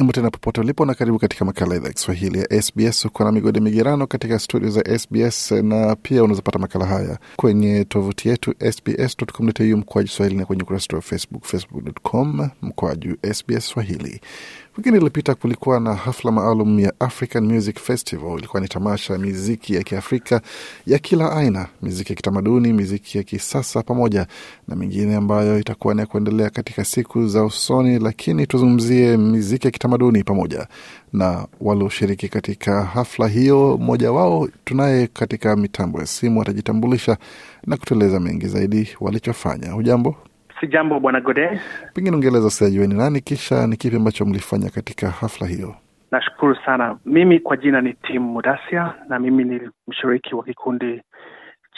Jambo tena popote ulipo na karibu katika makala idhaa Kiswahili ya SBS. Uko na migodi migerano katika studio za SBS na pia unaweza pata makala haya kwenye tovuti yetu sbs.com.au mkoaju swahili na kwenye ukurasa wa Facebook facebook.com mkoaju SBS Swahili. Wikendi iliyopita kulikuwa na hafla maalum ya African Music Festival. Ilikuwa ni tamasha ya miziki ya Kiafrika ya kila aina, miziki ya kitamaduni, miziki ya kisasa, pamoja na mingine ambayo itakuwa ni ya kuendelea katika siku za usoni, lakini tuzungumzie miziki ya kitamaduni pamoja na walioshiriki katika hafla hiyo. Mmoja wao tunaye katika mitambo ya simu, atajitambulisha na kutueleza mengi zaidi walichofanya. Hujambo? Si jambo Bwana Gode, pengine ungeeleza sijajua ni nani, kisha ni kipi ambacho mlifanya katika hafla hiyo? Nashukuru sana. Mimi kwa jina ni Tim Mudasia na mimi ni mshiriki wa kikundi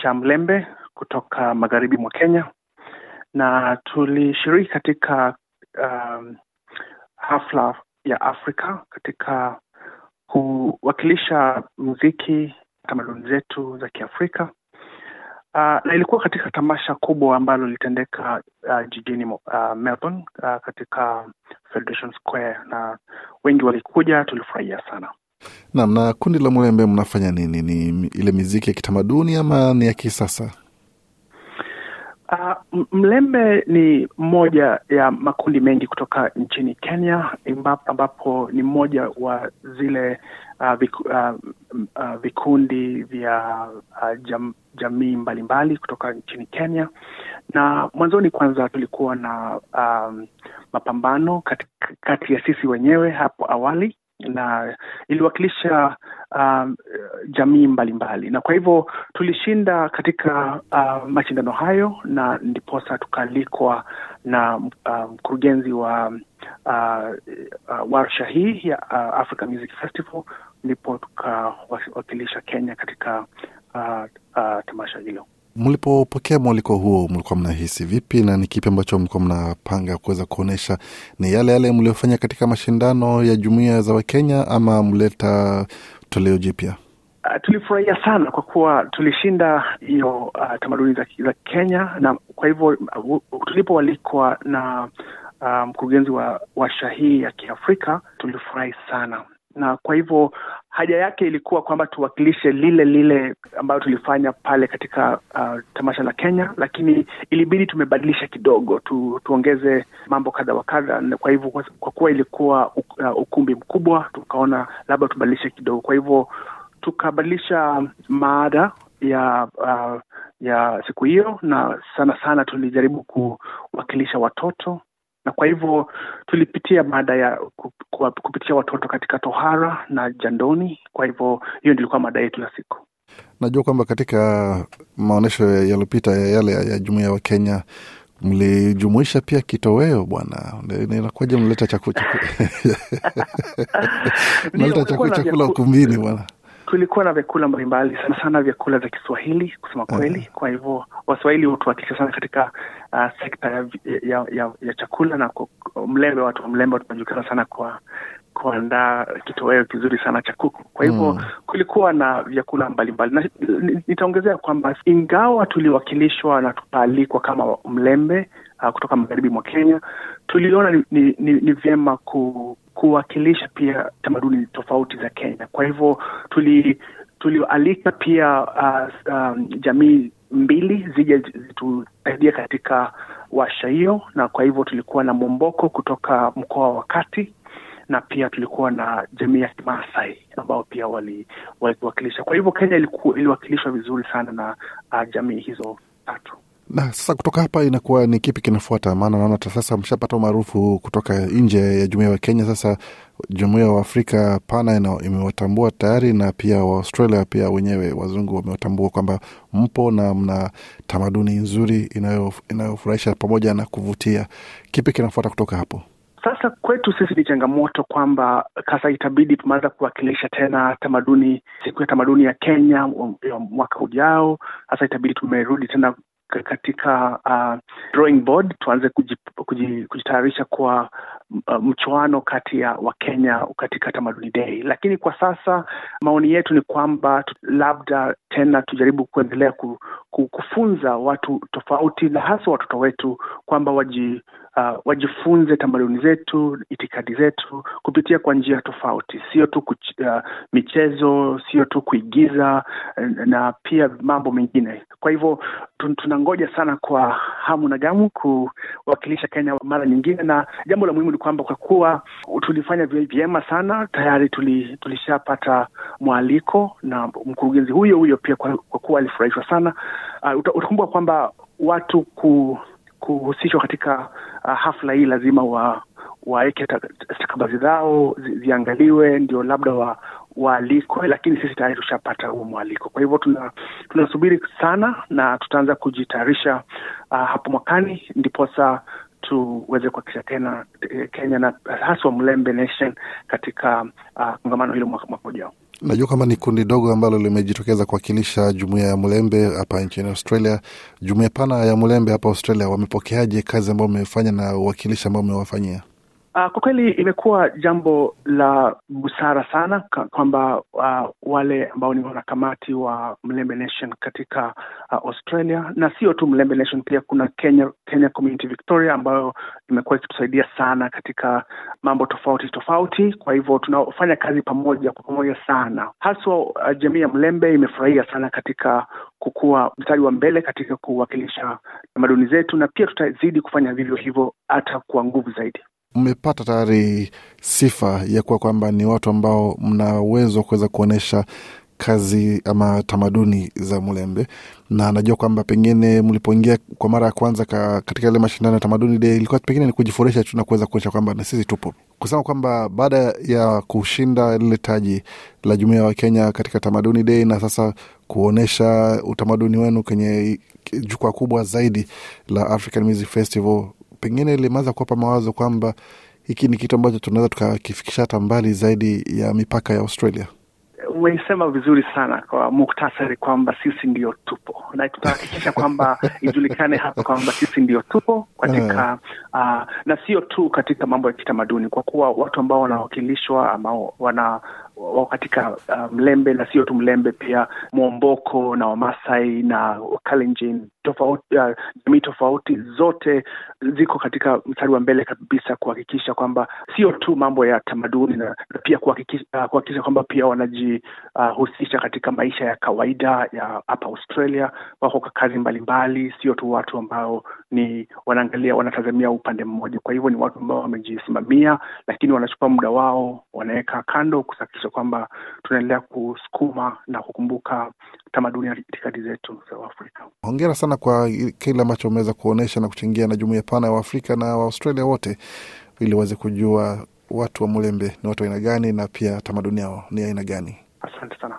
cha Mlembe kutoka magharibi mwa Kenya, na tulishiriki katika um, hafla ya Afrika katika kuwakilisha muziki, tamaduni zetu za Kiafrika. Uh, na ilikuwa katika tamasha kubwa ambalo lilitendeka uh, jijini uh, Melbourne uh, katika Federation Square, na wengi walikuja, tulifurahia sana. Naam. Na kundi la Mulembe mnafanya nini? Ni ile miziki ya kitamaduni ama ni ya kisasa? Uh, mlembe ni moja ya makundi mengi kutoka nchini Kenya ambapo ni mmoja wa zile uh, viku, uh, uh, vikundi vya uh, jam, jamii mbalimbali mbali kutoka nchini Kenya, na mwanzoni kwanza tulikuwa na um, mapambano kati, kati ya sisi wenyewe hapo awali na iliwakilisha um, jamii mbalimbali mbali. Na kwa hivyo tulishinda katika uh, mashindano hayo, na ndiposa tukalikwa na uh, mkurugenzi um, wa uh, uh, warsha hii ya uh, Africa Music Festival, ndipo tukawakilisha Kenya katika uh, uh, tamasha hilo. Mlipopokea mwaliko huo mlikuwa mnahisi vipi, na ni kipi ambacho mlikuwa mnapanga kuweza kuonyesha? Ni yale yale mliofanya katika mashindano ya jumuia za Wakenya ama mleta toleo jipya? Uh, tulifurahia sana kwa kuwa tulishinda hiyo uh, tamaduni za, za Kenya na kwa hivyo uh, tulipoalikwa na mkurugenzi um, wa warsha hii ya Kiafrika tulifurahi sana na kwa hivyo haja yake ilikuwa kwamba tuwakilishe lile lile ambayo tulifanya pale katika uh, tamasha la Kenya, lakini ilibidi tumebadilisha kidogo tu, tuongeze mambo kadha wa kadha. Kwa hivyo kwa kuwa ilikuwa uh, ukumbi mkubwa, tukaona labda tubadilishe kidogo. Kwa hivyo tukabadilisha maada ya uh, ya siku hiyo, na sana sana tulijaribu kuwakilisha watoto na kwa hivyo tulipitia mada ya kupitia watoto katika tohara na jandoni. Kwa hivyo hiyo ndilikuwa mada yetu ya siku. Najua kwamba katika maonyesho yaliyopita ya yale ya jumuia ya kenya mlijumuisha pia kitoweo bwana, inakuaja mleta chakula ukumbini bwana? kulikuwa na vyakula mbalimbali sana sana vyakula vya Kiswahili kusema mhm. kweli. Uh-huh. Kwa hivyo Waswahili hutuwakilisha sana katika uh, sekta ya, ya, ya, ya chakula na mlembe. Watu wa mlembe tunajulikana sana kwa kuandaa kitoweo kizuri sana cha kuku. Kwa hivyo mm, kulikuwa na vyakula mbalimbali Na nitaongezea kwamba ingawa tuliwakilishwa na tukaalikwa kama Mlembe uh, kutoka magharibi mwa Kenya, tuliona ni, ni, ni, ni vyema ku, kuwakilisha pia tamaduni tofauti za Kenya. Kwa hivyo tuli tulioalika pia uh, um, jamii mbili zije zitusaidia katika washa hiyo, na kwa hivyo tulikuwa na Momboko kutoka mkoa wa Kati na pia tulikuwa na jamii ya Kimaasai ambao pia walituwakilisha wali. Kwa hivyo Kenya iliku, iliwakilishwa vizuri sana na uh, jamii hizo tatu. Na sasa kutoka hapa inakuwa ni kipi kinafuata? Maana naona sasa mshapata umaarufu kutoka nje ya jumuia wa Kenya. Sasa jumuia wa Afrika pana imewatambua tayari, na pia Waaustralia pia wenyewe wazungu wamewatambua kwamba mpo na mna tamaduni nzuri inayofurahisha pamoja na kuvutia. Kipi kinafuata kutoka hapo? Sasa kwetu sisi ni changamoto kwamba sasa itabidi tumeanza kuwakilisha tena tamaduni, siku ya tamaduni ya Kenya ya mwaka ujao. Sasa itabidi tumerudi tena katika uh, drawing board tuanze kujitayarisha kwa uh, mchuano kati ya Wakenya katika tamaduni dei, lakini kwa sasa maoni yetu ni kwamba labda tena tujaribu kuendelea kufunza watu tofauti na hasa watoto wetu kwamba waji uh, wajifunze tamaduni zetu, itikadi zetu kupitia kwa njia tofauti, sio tu kuch, uh, michezo, sio tu kuigiza uh, na pia mambo mengine. Kwa hivyo tunangoja sana kwa hamu na gamu kuwakilisha Kenya mara nyingine, na jambo la muhimu ni kwamba kwa kuwa tulifanya vyema sana tayari, tulishapata mwaliko na mkurugenzi huyo huyo pia, kwa, kwa kuwa alifurahishwa sana uh, utakumbuka kwamba watu ku kuhusishwa katika uh, hafla hii lazima wa waweke stakabadhi zao ziangaliwe, ndio labda wa waalikwe, lakini sisi tayari tushapata huo mwaliko. Kwa hivyo tunasubiri tuna sana na tutaanza kujitayarisha uh, hapo mwakani, ndiposa tuweze kuakisha tena eh, Kenya na haswa Mlembe Nation katika uh, kongamano hilo mwaka ujao. Najua kwamba ni kundi dogo ambalo limejitokeza kuwakilisha jumuia ya Mulembe hapa nchini Australia. Jumuia pana ya Mulembe hapa Australia, wamepokeaje kazi ambayo mmefanya na uwakilishi ambao mmewafanyia? Uh, kwa kweli imekuwa jambo la busara sana kwamba uh, wale ambao ni wanakamati wa Mlembe Nation katika uh, Australia na sio tu Mlembe Nation, pia kuna Kenya, Kenya Community Victoria ambayo imekuwa ikitusaidia sana katika mambo tofauti tofauti. Kwa hivyo tunafanya kazi pamoja kwa pamoja sana, haswa uh, jamii ya Mlembe imefurahia sana katika kukua mstari wa mbele katika kuwakilisha tamaduni zetu, na pia tutazidi kufanya vivyo hivyo hata kwa nguvu zaidi mmepata tayari sifa ya kuwa kwamba ni watu ambao mna uwezo wa kuweza kuonyesha kazi ama tamaduni za Mlembe, na najua kwamba pengine mlipoingia kwa mara ya kwanza ka, katika yale mashindano ya tamaduni de, ilikuwa pengine ni kujifurahisha tu na kuweza kuonyesha kwamba na sisi tupo, kusema kwamba baada ya kushinda lile taji la jumuiya wa Kenya katika tamaduni de, na sasa kuonyesha utamaduni wenu kwenye jukwaa kubwa zaidi la African Music Festival pengine limeweza kuwapa mawazo kwamba hiki ni kitu ambacho tunaweza tukakifikisha hata mbali zaidi ya mipaka ya Australia? Umesema vizuri sana kwa muktasari kwamba sisi ndio tupo na tutahakikisha kwamba ijulikane hapa kwamba sisi ndio tupo katika uh, na sio tu katika mambo ya kitamaduni, kwa kuwa watu ambao wanawakilishwa ama wana wao katika uh, Mlembe na sio tu Mlembe, pia Mwomboko na Wamasai na Kalenjin tofauti uh, jamii uh, tofauti zote ziko katika mstari wa mbele kabisa kuhakikisha kwamba sio tu mambo ya tamaduni na pia kuhakikisha uh, kuhakikisha kwamba pia wanajihusisha uh, katika maisha ya kawaida ya hapa Australia. Wako kwa kazi mbalimbali, sio tu watu ambao ni wanaangalia wanatazamia upande mmoja. Kwa hivyo ni watu ambao wamejisimamia, lakini wanachukua muda wao wanaweka kando kusafisha kuhakikisha kwamba tunaendelea kusukuma na kukumbuka tamaduni na itikadi zetu za Waafrika. Hongera sana kwa kile ambacho umeweza kuonyesha na kuchangia na jumuiya pana ya Waafrika na Waaustralia wote ili waweze kujua watu wa Mulembe ni watu wa aina gani na pia tamaduni yao ni aina gani. Asante sana.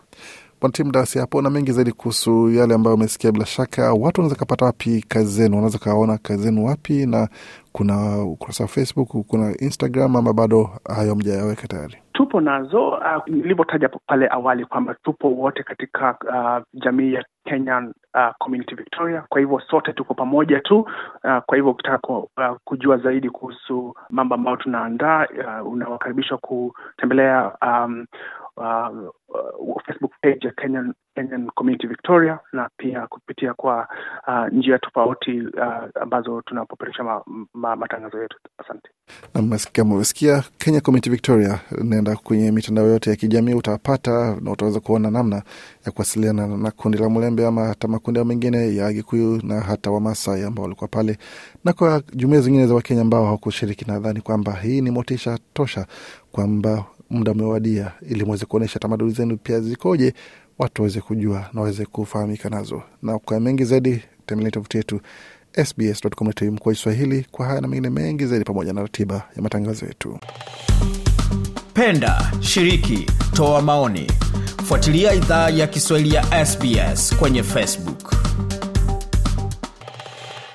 Tim Dasi hapo na mengi zaidi kuhusu yale ambayo umesikia. Bila shaka watu wanaweza kapata wapi kazi zenu, wanaweza kaona kazi zenu wapi? Na kuna ukurasa wa Facebook, kuna Instagram ama bado hayo mjayaweka tayari? Tupo nazo ah, nilivyotaja uh, pale awali kwamba tupo wote katika uh, jamii ya Kenyan uh, Community Victoria. Kwa hivyo sote tuko pamoja tu uh, kwa hivyo ukitaka uh, kujua zaidi kuhusu mambo ambayo tunaandaa uh, unawakaribishwa kutembelea um, uh, uh, Facebook page ya Kenyan, Kenyan Community Victoria na pia kupitia kwa uh, njia tofauti uh, ambazo tunapoperisha ma, ma, matangazo yetu. Asante. Nam, Kenya Community Victoria, naenda kwenye mitandao yote ya kijamii utapata na utaweza kuona namna ya kuwasiliana na kundi la Mlembe ama hata makundi mengine ya Agikuyu na hata Wamasai ambao walikuwa pale na kwa jumuia zingine za Wakenya ambao hawakushiriki. Nadhani kwamba hii ni motisha tosha kwamba muda umewadia, ili mweze kuonyesha tamaduni zenu pia zikoje, watu waweze kujua na waweze kufahamika nazo. Na kwa mengi zaidi, tembeleni tovuti yetu sbs.com.au kwa Kiswahili kwa haya na mengine mengi zaidi, pamoja na ratiba ya matangazo yetu. Penda, shiriki, toa maoni, fuatilia idhaa ya Kiswahili ya SBS kwenye Facebook.